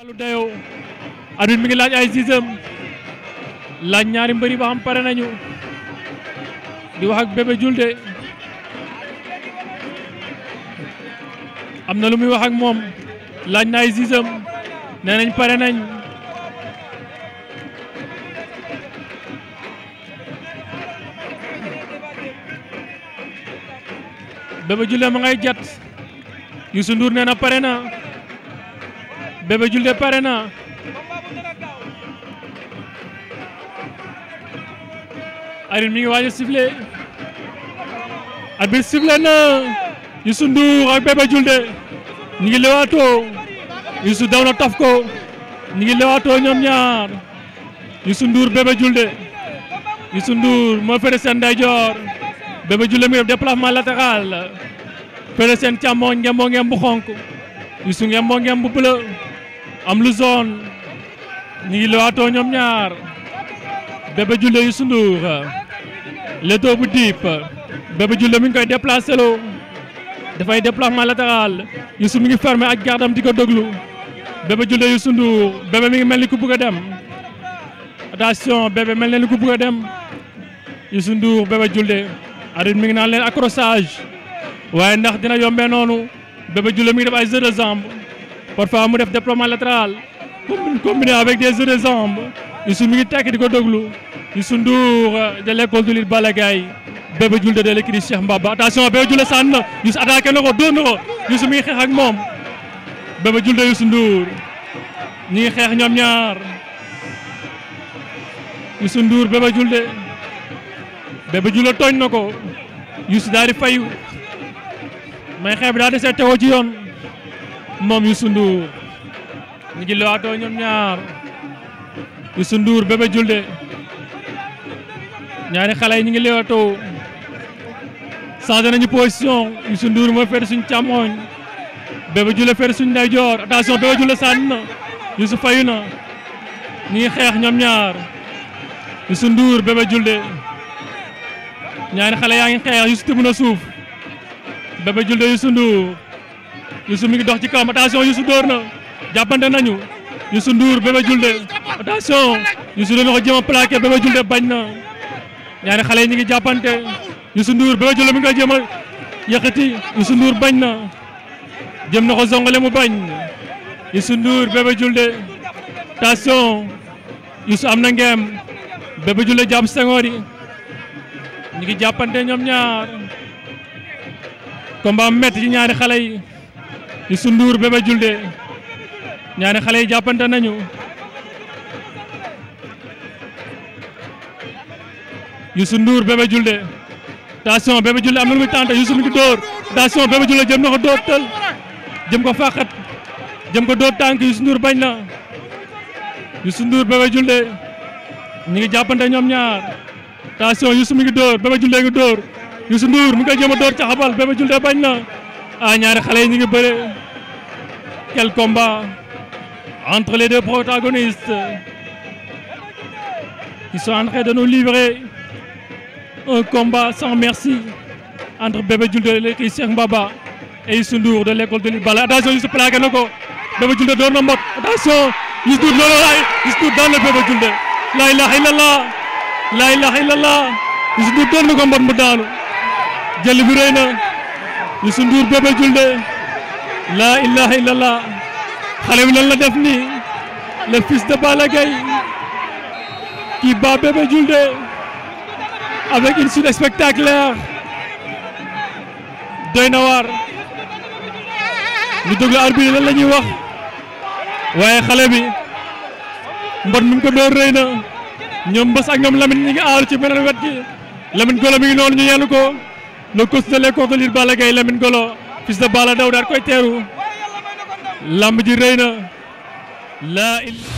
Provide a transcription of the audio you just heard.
wàllu dayoo arbitre mi ngi laaj ay sisam laaj ñaari mbëri ba xam pare nañu di wax ak Bébé Diouldé am na lu muy wax ak laaj na ay nañ Bébé ma ngay na Bébé Diouldé pare na arbitre mi ngi waaj a sifflé arbitre na Youssou Ndour ak Bébé Diouldé ñu ngi lewaatoo Youssou daw na taf ko ñu ngi lewaatoo ñoom ñaar Youssou Ndour Bébé Diouldé Youssou Ndour moo fere seen ndeyjoor Bébé Diouldé mi ngi def déplacement latéral fere seen càmmooñ ngemboo ngem xonk Youssou ngemboo ngem bu am lu zone ñu ngi lewaatoo ñoom ñaar Bébé Diouldé Youssou Ndour leto bu diip Bébé Diouldé mi ngi koy déplacé loo dafay déplacement latéral Youssou mi ngi fermé ak gardam di ko déglu Bébé Diouldé Youssou Ndour Bébé mi ngi mel ni ku bëgg a dem attention Bébé mel na ni ku bëgg a dem Youssou Ndour Bébé Diouldé arbitre mi ngi naan leen accrochage waaye ndax dina yombee noonu Bébé Diouldé mi ngi def ay jeu de jambe parfois mu def déploiement latéral combiné avec des jeux de jambes Youssou mi ngi tekk di ko déglu Youssou Ndour euh, de l'école du lutte Balla Gaye Bébé Diouldé de l'écurie Cheikh Mbaba attention Bébé Diouldé sànn na Youssou attaqué na ko dóor na ko Youssou mi ngi xeex ak moom Bébé Diouldé tooñ na ko Youssou daal di fayu may xeex bi daa di teewoo ci yoon moom Youssou Ndour ñu ngi lewaatoo ñoom ñaar Youssou Ndour Bébé Diouldé ñaari xale yi ñu ngi lewaatoo changé nañu position Youssou Ndour mooy féete suñu càmmooñ Bébé Diouldé féete suñu ndeyjoor attention Bébé Diouldé sànni na Youssou fayu na ñu ngi xeex ñoom ñaar Youssou Ndour Bébé Diouldé ñaari xale yaa ngi xeex Youssou tibb na suuf Bébé Diouldé Youssou Ndour Yusuf mi ngi dox ci kawam attention Youssou dóor na jàppante nañu Youssou Ndour Bébé Diouldé attention Youssou dana ko jéem a plaqué Bébé Diouldé bañ na ñaari xale yi ñu ngi jàppante Youssou Ndour Bébé Diouldé mi ngi koy jéem Yusuf yëkkati Youssou Ndour bañ na jëm na ko zongale mu bañ Youssou Ndour Bébé Diouldé attention Youssou am na ngeem julde Diouldé jàpp sengoor ngi jàppante ñoom ñaar combat metti ñaari xale yi Youssou Ndour Bébé Diouldé ñaari xale yi jàppante nañu Youssou Ndour Bébé Diouldé attention Bébé Diouldé am na lu muy tànte Youssou mi ngi dóor attention Bébé Diouldé jëm na ko dóor tël jëm ko fàqat jëm ko dóor tànk Youssou Ndour bañ na Youssou Ndour Bébé Diouldé ñu ngi jàppante ñoom ñaar attention Youssou mi ngi dóor Bébé Diouldé ngi dóor Youssou Ndour mu ngi koy jëm a dóor ca xabal Bébé Diouldé bañ na ah ñaari xale quel combat entre les deux protagonistes qui sont en train de nous livrer un combat sans merci entre Bébé Diouldé de l'écurie Cheikh Mbaba et Youssou Ndour de l'école de lutte attention ils se na ko Bébé Diouldé door na mbot attention ils se loolu dans le Ndour daan na Bébé Diouldé laa ilaha illallah laa ilaha illallah Youssou Ndour door na ko mbot mu daanu jël bi rëy Youssou Ndour Bébé de laa ilaha illallah xale bi lan la def ni le fils de Balla Gaye qui bat Bébé Diouldé avec une suite spectaculaire doy na waar ñu déglu arbitre lan la ñuy wax waaye xale bi mbot mi ko door rëy na ñoom mbas ak ñoom Lamine ñi ngi aaru ci beneen wet gi Lamine Golo mi ngi noonu ñu yenu ko le coach de l'école de Lille Balla Gaye Lamine Golo fils de Balla Daw daal koy teeru lamb ji rëy na laa il